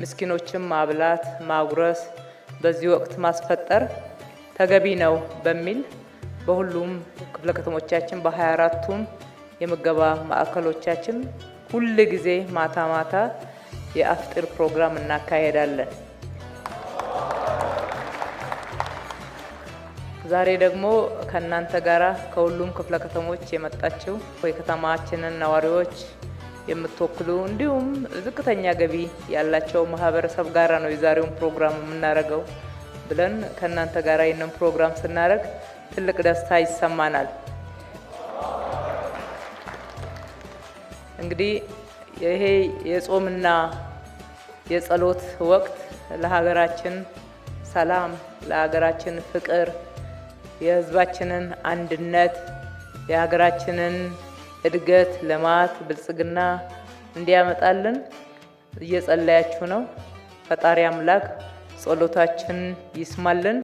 ምስኪኖችን ማብላት፣ ማጉረስ፣ በዚህ ወቅት ማስፈጠር ተገቢ ነው በሚል በሁሉም ክፍለ ከተሞቻችን በሀያ አራቱም የምገባ ማዕከሎቻችን ሁል ጊዜ ማታ ማታ የአፍጢር ፕሮግራም እናካሄዳለን። ዛሬ ደግሞ ከእናንተ ጋራ ከሁሉም ክፍለ ከተሞች የመጣችው የከተማችንን ነዋሪዎች የምትወክሉ እንዲሁም ዝቅተኛ ገቢ ያላቸው ማህበረሰብ ጋር ነው የዛሬውን ፕሮግራም የምናደርገው ብለን ከእናንተ ጋር ይህንን ፕሮግራም ስናደርግ ትልቅ ደስታ ይሰማናል። እንግዲህ ይሄ የጾምና የጸሎት ወቅት ለሀገራችን ሰላም፣ ለሀገራችን ፍቅር፣ የህዝባችንን አንድነት፣ የሀገራችንን እድገት፣ ልማት፣ ብልጽግና እንዲያመጣልን እየጸለያችሁ ነው። ፈጣሪ አምላክ ጸሎታችን ይስማልን።